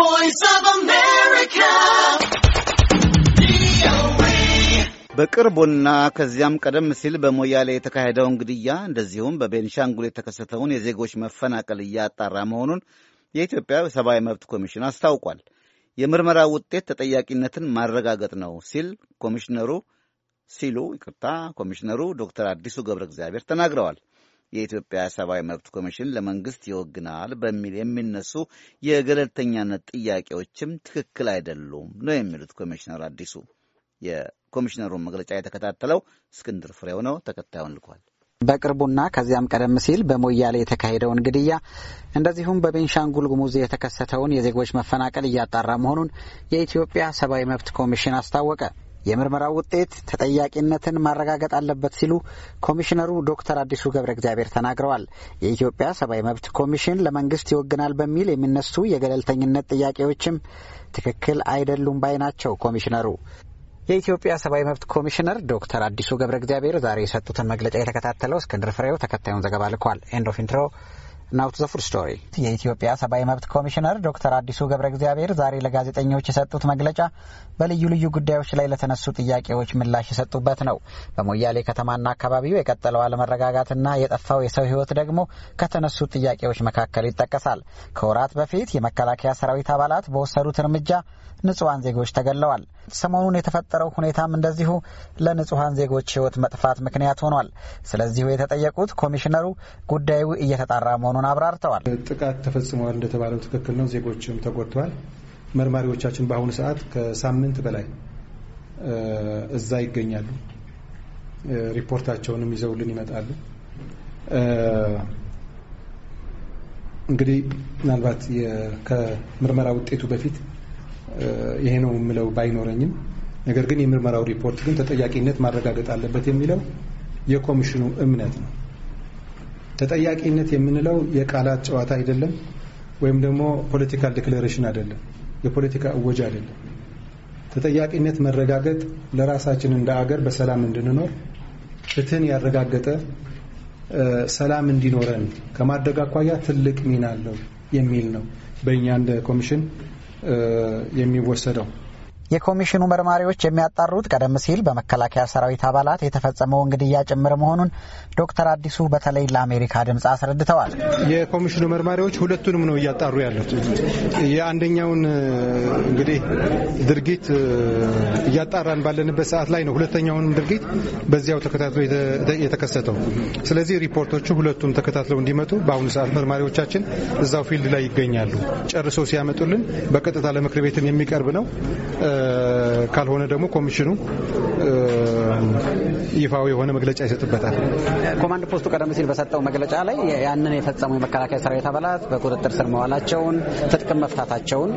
ቮይስ ኦፍ አሜሪካ በቅርቡና ከዚያም ቀደም ሲል በሞያሌ የተካሄደውን ግድያ እንደዚሁም በቤንሻንጉል የተከሰተውን የዜጎች መፈናቀል እያጣራ መሆኑን የኢትዮጵያ ሰብአዊ መብት ኮሚሽን አስታውቋል። የምርመራ ውጤት ተጠያቂነትን ማረጋገጥ ነው ሲል ኮሚሽነሩ ሲሉ ይቅርታ ኮሚሽነሩ ዶክተር አዲሱ ገብረ እግዚአብሔር ተናግረዋል። የኢትዮጵያ ሰብአዊ መብት ኮሚሽን ለመንግስት ይወግናል በሚል የሚነሱ የገለልተኛነት ጥያቄዎችም ትክክል አይደሉም ነው የሚሉት ኮሚሽነር አዲሱ። የኮሚሽነሩን መግለጫ የተከታተለው እስክንድር ፍሬው ነው፣ ተከታዩን ልኳል። በቅርቡና ከዚያም ቀደም ሲል በሞያሌ የተካሄደውን ግድያ እንደዚሁም በቤንሻንጉል ጉሙዝ የተከሰተውን የዜጎች መፈናቀል እያጣራ መሆኑን የኢትዮጵያ ሰብአዊ መብት ኮሚሽን አስታወቀ። የምርመራው ውጤት ተጠያቂነትን ማረጋገጥ አለበት ሲሉ ኮሚሽነሩ ዶክተር አዲሱ ገብረ እግዚአብሔር ተናግረዋል። የኢትዮጵያ ሰብአዊ መብት ኮሚሽን ለመንግስት ይወግናል በሚል የሚነሱ የገለልተኝነት ጥያቄዎችም ትክክል አይደሉም ባይ ናቸው ኮሚሽነሩ። የኢትዮጵያ ሰብአዊ መብት ኮሚሽነር ዶክተር አዲሱ ገብረ እግዚአብሔር ዛሬ የሰጡትን መግለጫ የተከታተለው እስክንድር ፍሬው ተከታዩን ዘገባ ልኳል። ኤንድ ኦፍ ኢንትሮ ናውት ዘ ስቶሪ። የኢትዮጵያ ሰብአዊ መብት ኮሚሽነር ዶክተር አዲሱ ገብረ እግዚአብሔር ዛሬ ለጋዜጠኞች የሰጡት መግለጫ በልዩ ልዩ ጉዳዮች ላይ ለተነሱ ጥያቄዎች ምላሽ የሰጡበት ነው። በሞያሌ ከተማና አካባቢው የቀጠለው አለመረጋጋትና የጠፋው የሰው ሕይወት ደግሞ ከተነሱ ጥያቄዎች መካከል ይጠቀሳል። ከወራት በፊት የመከላከያ ሰራዊት አባላት በወሰዱት እርምጃ ንጹሐን ዜጎች ተገለዋል። ሰሞኑን የተፈጠረው ሁኔታም እንደዚሁ ለንጹሐን ዜጎች ህይወት መጥፋት ምክንያት ሆኗል። ስለዚሁ የተጠየቁት ኮሚሽነሩ ጉዳዩ እየተጣራ መሆኑን መሆኑን አብራርተዋል። ጥቃት ተፈጽመዋል እንደተባለው ትክክል ነው። ዜጎችም ተጎድተዋል። መርማሪዎቻችን በአሁኑ ሰዓት ከሳምንት በላይ እዛ ይገኛሉ። ሪፖርታቸውንም ይዘውልን ይመጣሉ። እንግዲህ ምናልባት ከምርመራ ውጤቱ በፊት ይሄ ነው የምለው ባይኖረኝም ነገር ግን የምርመራው ሪፖርት ግን ተጠያቂነት ማረጋገጥ አለበት የሚለው የኮሚሽኑ እምነት ነው። ተጠያቂነት የምንለው የቃላት ጨዋታ አይደለም፣ ወይም ደግሞ ፖለቲካል ዲክሌሬሽን አይደለም፣ የፖለቲካ እወጅ አይደለም። ተጠያቂነት መረጋገጥ ለራሳችን እንደ አገር በሰላም እንድንኖር ፍትህን ያረጋገጠ ሰላም እንዲኖረን ከማድረግ አኳያ ትልቅ ሚና አለው የሚል ነው በእኛ እንደ ኮሚሽን የሚወሰደው። የኮሚሽኑ መርማሪዎች የሚያጣሩት ቀደም ሲል በመከላከያ ሰራዊት አባላት የተፈጸመውን ግድያ ጭምር መሆኑን ዶክተር አዲሱ በተለይ ለአሜሪካ ድምፅ አስረድተዋል። የኮሚሽኑ መርማሪዎች ሁለቱንም ነው እያጣሩ ያሉት። የአንደኛውን እንግዲህ ድርጊት እያጣራን ባለንበት ሰዓት ላይ ነው ሁለተኛውን ድርጊት በዚያው ተከታትሎ የተከሰተው። ስለዚህ ሪፖርቶቹ ሁለቱም ተከታትለው እንዲመጡ በአሁኑ ሰዓት መርማሪዎቻችን እዛው ፊልድ ላይ ይገኛሉ። ጨርሶ ሲያመጡልን በቀጥታ ለምክር ቤትም የሚቀርብ ነው። ካልሆነ ደግሞ ኮሚሽኑ ይፋው የሆነ መግለጫ ይሰጥበታል። ኮማንድ ፖስቱ ቀደም ሲል በሰጠው መግለጫ ላይ ያንን የፈጸሙ የመከላከያ ሰራዊት አባላት በቁጥጥር ስር መዋላቸውን፣ ትጥቅም መፍታታቸውን፣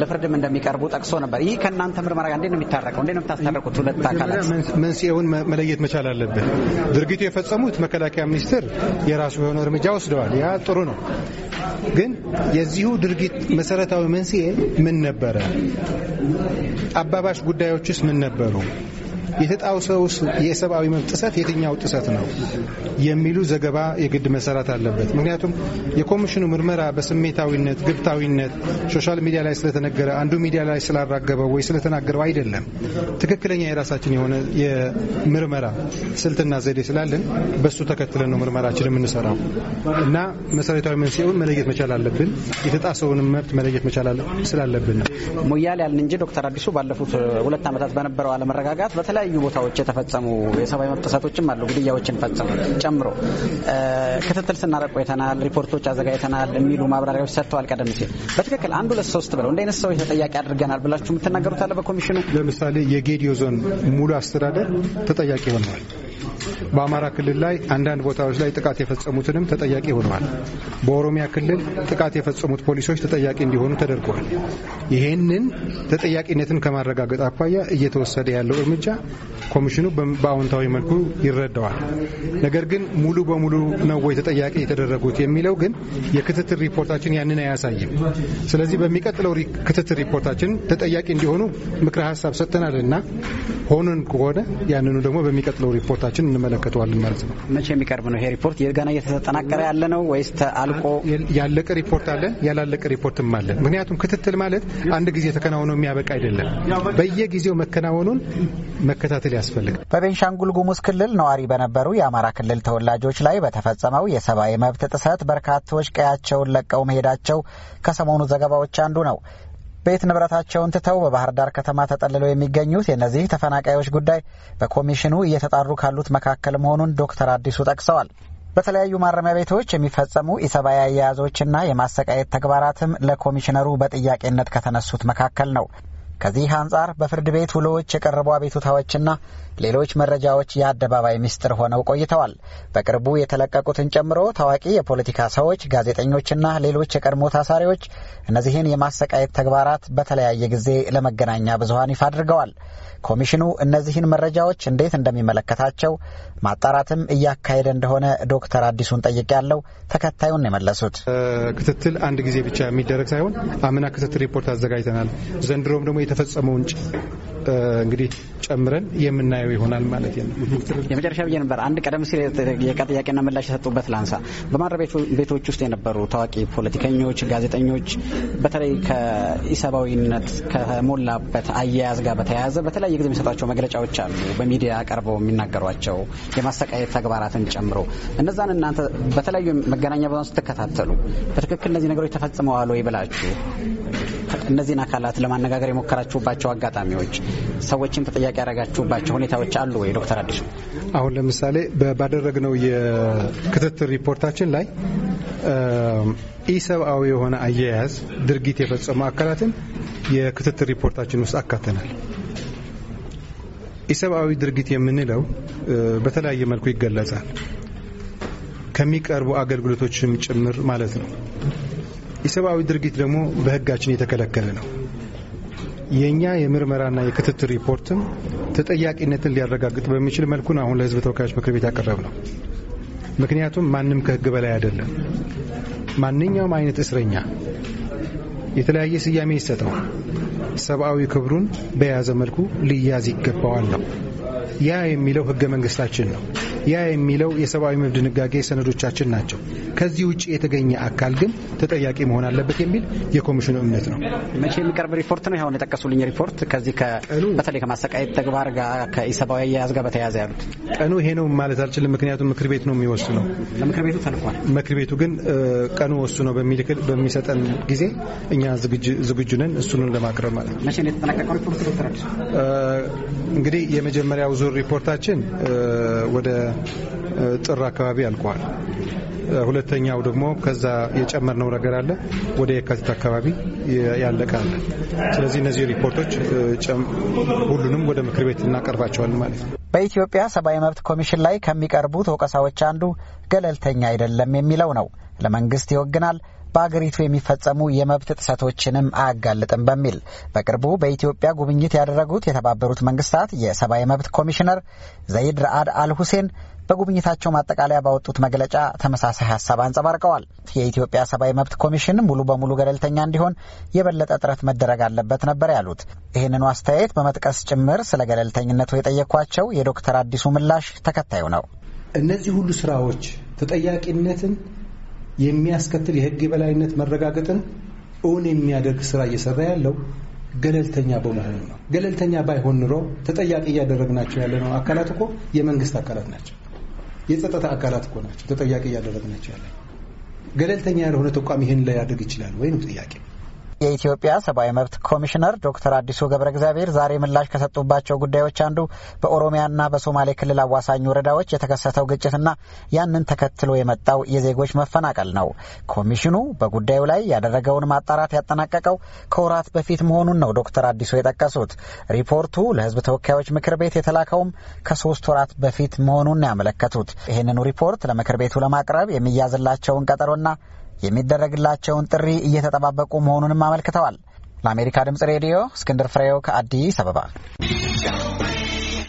ለፍርድም እንደሚቀርቡ ጠቅሶ ነበር። ይህ ከእናንተ ምርመራ ጋር እንዴት ነው የሚታረቀው? እንዴት ነው የምታስታረቁት? ሁለት አካላት መንስኤውን መለየት መቻል አለብን። ድርጊቱ የፈጸሙት መከላከያ ሚኒስቴር የራሱ የሆነ እርምጃ ወስደዋል። ያ ጥሩ ነው። ግን የዚሁ ድርጊት መሰረታዊ መንስኤ ምን ነበረ? አባባሽ ጉዳዮችስ ምን ነበሩ? የተጣሰውስ የሰብአዊ መብት ጥሰት የትኛው ጥሰት ነው የሚሉ ዘገባ የግድ መሰራት አለበት። ምክንያቱም የኮሚሽኑ ምርመራ በስሜታዊነት ግብታዊነት፣ ሶሻል ሚዲያ ላይ ስለተነገረ አንዱ ሚዲያ ላይ ስላራገበው ወይ ስለተናገረው አይደለም። ትክክለኛ የራሳችን የሆነ የምርመራ ስልትና ዘዴ ስላለን በሱ ተከትለን ነው ምርመራችን የምንሰራው እና መሰረታዊ መንስኤውን መለየት መቻል አለብን። የተጣሰውን መብት መለየት መቻል ስላለብን ነው ሞያሌ ያልን እንጂ ዶክተር አዲሱ ባለፉት ሁለት ዓመታት በነበረው አለመረጋጋት በተለያዩ በተለያዩ ቦታዎች የተፈጸሙ የሰብአዊ መብት ጥሰቶችም አሉ። ግድያዎችን ፈጽሙ ጨምሮ ክትትል ስናደርግ ቆይተናል፣ ሪፖርቶች አዘጋጅተናል የሚሉ ማብራሪያዎች ሰጥተዋል። ቀደም ሲል በትክክል አንድ ሁለት ሶስት ብለው እንደ አይነት ሰዎች ተጠያቂ አድርገናል ብላችሁ የምትናገሩት አለ። በኮሚሽኑ ለምሳሌ የጌዲዮ ዞን ሙሉ አስተዳደር ተጠያቂ ሆነዋል። በአማራ ክልል ላይ አንዳንድ ቦታዎች ላይ ጥቃት የፈጸሙትንም ተጠያቂ ሆነዋል። በኦሮሚያ ክልል ጥቃት የፈጸሙት ፖሊሶች ተጠያቂ እንዲሆኑ ተደርጓል። ይህንን ተጠያቂነትን ከማረጋገጥ አኳያ እየተወሰደ ያለው እርምጃ ኮሚሽኑ በአዎንታዊ መልኩ ይረዳዋል። ነገር ግን ሙሉ በሙሉ ነው ወይ ተጠያቂ የተደረጉት የሚለው ግን የክትትል ሪፖርታችን ያንን አያሳይም። ስለዚህ በሚቀጥለው ክትትል ሪፖርታችን ተጠያቂ እንዲሆኑ ምክረ ሀሳብ ሰጥተናል እና ሆኖን ከሆነ ያንኑ ደግሞ በሚቀጥለው ሪፖርታችን እንመለከተዋለን ማለት ነው። መቼ የሚቀርብ ነው ይሄ ሪፖርት? ገና እየተጠናቀረ ያለ ነው ወይስ አልቆ ያለቀ ሪፖርት አለን? ያላለቀ ሪፖርትም አለን። ምክንያቱም ክትትል ማለት አንድ ጊዜ ተከናውኖ የሚያበቃ አይደለም። በየጊዜው መከናወኑን መከታተል ያስፈልጋል። በቤንሻንጉል ጉሙዝ ክልል ነዋሪ በነበሩ የአማራ ክልል ተወላጆች ላይ በተፈጸመው የሰብአዊ መብት ጥሰት በርካቶች ቀያቸውን ለቀው መሄዳቸው ከሰሞኑ ዘገባዎች አንዱ ነው። ቤት ንብረታቸውን ትተው በባህር ዳር ከተማ ተጠልለው የሚገኙት የእነዚህ ተፈናቃዮች ጉዳይ በኮሚሽኑ እየተጣሩ ካሉት መካከል መሆኑን ዶክተር አዲሱ ጠቅሰዋል። በተለያዩ ማረሚያ ቤቶች የሚፈጸሙ ኢሰብአዊ አያያዞችና የማሰቃየት ተግባራትም ለኮሚሽነሩ በጥያቄነት ከተነሱት መካከል ነው። ከዚህ አንጻር በፍርድ ቤት ውሎዎች የቀረቡ አቤቱታዎችና ሌሎች መረጃዎች የአደባባይ ምስጢር ሆነው ቆይተዋል። በቅርቡ የተለቀቁትን ጨምሮ ታዋቂ የፖለቲካ ሰዎች፣ ጋዜጠኞችና ሌሎች የቀድሞ ታሳሪዎች እነዚህን የማሰቃየት ተግባራት በተለያየ ጊዜ ለመገናኛ ብዙሀን ይፋ አድርገዋል። ኮሚሽኑ እነዚህን መረጃዎች እንዴት እንደሚመለከታቸው ማጣራትም እያካሄደ እንደሆነ ዶክተር አዲሱን ጠይቅ ያለው ተከታዩን የመለሱት ክትትል አንድ ጊዜ ብቻ የሚደረግ ሳይሆን አምና ክትትል ሪፖርት አዘጋጅተናል። ዘንድሮም ደግሞ የተፈጸመውን እንግዲህ ጨምረን የምናየው ይሆናል ማለት ነው። የመጨረሻ ብዬ ነበር አንድ ቀደም ሲል የጥያቄና ምላሽ የሰጡበት ላንሳ። በማረሚያ ቤቶች ውስጥ የነበሩ ታዋቂ ፖለቲከኞች፣ ጋዜጠኞች በተለይ ከኢሰብአዊነት ከሞላበት አያያዝ ጋር በተያያዘ በተለያየ ጊዜ የሚሰጧቸው መግለጫዎች አሉ። በሚዲያ ቀርበው የሚናገሯቸው የማሰቃየት ተግባራትን ጨምሮ እነዛን እናንተ በተለያዩ መገናኛ ብዙሃን ስትከታተሉ በትክክል እነዚህ ነገሮች ተፈጽመዋል ወይ ብላችሁ እነዚህን አካላት ለማነጋገር የሞከራችሁባቸው አጋጣሚዎች፣ ሰዎችን ተጠያቂ ያደረጋችሁባቸው ሁኔታዎች አሉ ወይ? ዶክተር አዲሱ አሁን ለምሳሌ ባደረግነው የክትትል ሪፖርታችን ላይ ኢሰብአዊ የሆነ አያያዝ ድርጊት የፈጸሙ አካላትን የክትትል ሪፖርታችን ውስጥ አካተናል። ኢሰብአዊ ድርጊት የምንለው በተለያየ መልኩ ይገለጻል። ከሚቀርቡ አገልግሎቶችም ጭምር ማለት ነው። የሰብአዊ ድርጊት ደግሞ በህጋችን የተከለከለ ነው። የእኛ የምርመራና የክትትል ሪፖርትም ተጠያቂነትን ሊያረጋግጥ በሚችል መልኩን አሁን ለህዝብ ተወካዮች ምክር ቤት ያቀረብ ነው። ምክንያቱም ማንም ከህግ በላይ አይደለም። ማንኛውም አይነት እስረኛ የተለያየ ስያሜ ይሰጠው፣ ሰብአዊ ክብሩን በያዘ መልኩ ሊያዝ ይገባዋል ነው ያ የሚለው ህገ መንግስታችን ነው። ያ የሚለው የሰብአዊ መብት ድንጋጌ ሰነዶቻችን ናቸው። ከዚህ ውጭ የተገኘ አካል ግን ተጠያቂ መሆን አለበት የሚል የኮሚሽኑ እምነት ነው። መቼ የሚቀርብ ሪፖርት ነው? አሁን የጠቀሱልኝ ሪፖርት ከዚህ በተለይ ከማሰቃየት ተግባር ጋር ከኢሰብአዊ አያያዝ ጋር በተያያዘ ያሉት ቀኑ ይሄ ነው ማለት አልችልም። ምክንያቱም ምክር ቤት ነው የሚወስነው። ለምክር ቤቱ ተልፏል። ምክር ቤቱ ግን ቀኑ ወሱ በሚልክል በሚሰጠን ጊዜ እኛ ዝግጁ ነን እሱን ለማቅረብ ማለት ነው። መቼ ነው የተጠናቀቀው ሪፖርት? እንግዲህ የመጀመሪያው ዙር ሪፖርታችን ወደ ጥር አካባቢ ያልቀዋል። ሁለተኛው ደግሞ ከዛ የጨመርነው ነገር አለ ወደ የካቲት አካባቢ ያለቃል። ስለዚህ እነዚህ ሪፖርቶች ሁሉንም ወደ ምክር ቤት እናቀርባቸዋለን ማለት ነው። በኢትዮጵያ ሰብአዊ መብት ኮሚሽን ላይ ከሚቀርቡት ወቀሳዎች አንዱ ገለልተኛ አይደለም የሚለው ነው። ለመንግስት ይወግናል፣ በአገሪቱ የሚፈጸሙ የመብት ጥሰቶችንም አያጋልጥም በሚል በቅርቡ በኢትዮጵያ ጉብኝት ያደረጉት የተባበሩት መንግስታት የሰብአዊ መብት ኮሚሽነር ዘይድ ረአድ አል ሁሴን በጉብኝታቸው ማጠቃለያ ባወጡት መግለጫ ተመሳሳይ ሀሳብ አንጸባርቀዋል። የኢትዮጵያ ሰብአዊ መብት ኮሚሽን ሙሉ በሙሉ ገለልተኛ እንዲሆን የበለጠ ጥረት መደረግ አለበት ነበር ያሉት። ይህንኑ አስተያየት በመጥቀስ ጭምር ስለ ገለልተኝነቱ የጠየኳቸው የዶክተር አዲሱ ምላሽ ተከታዩ ነው። እነዚህ ሁሉ ስራዎች ተጠያቂነትን የሚያስከትል የህግ የበላይነት መረጋገጥን እውን የሚያደርግ ስራ እየሰራ ያለው ገለልተኛ በመሆኑ ነው። ገለልተኛ ባይሆን ኑሮ ተጠያቂ እያደረግናቸው ነው። አካላት እኮ የመንግስት አካላት ናቸው። የጸጥታ አካላት እኮ ናቸው ተጠያቂ እያደረግናቸው ያለ። ገለልተኛ ያልሆነ ተቋም ይህን ላያደርግ ይችላል ወይም ጥያቄ የኢትዮጵያ ሰብአዊ መብት ኮሚሽነር ዶክተር አዲሱ ገብረ እግዚአብሔር ዛሬ ምላሽ ከሰጡባቸው ጉዳዮች አንዱ በኦሮሚያና በሶማሌ ክልል አዋሳኝ ወረዳዎች የተከሰተው ግጭትና ያንን ተከትሎ የመጣው የዜጎች መፈናቀል ነው። ኮሚሽኑ በጉዳዩ ላይ ያደረገውን ማጣራት ያጠናቀቀው ከወራት በፊት መሆኑን ነው ዶክተር አዲሱ የጠቀሱት። ሪፖርቱ ለሕዝብ ተወካዮች ምክር ቤት የተላከውም ከሶስት ወራት በፊት መሆኑን ያመለከቱት ይህንኑ ሪፖርት ለምክር ቤቱ ለማቅረብ የሚያዝላቸውን ቀጠሮና የሚደረግላቸውን ጥሪ እየተጠባበቁ መሆኑንም አመልክተዋል። ለአሜሪካ ድምጽ ሬዲዮ እስክንድር ፍሬው ከአዲስ አበባ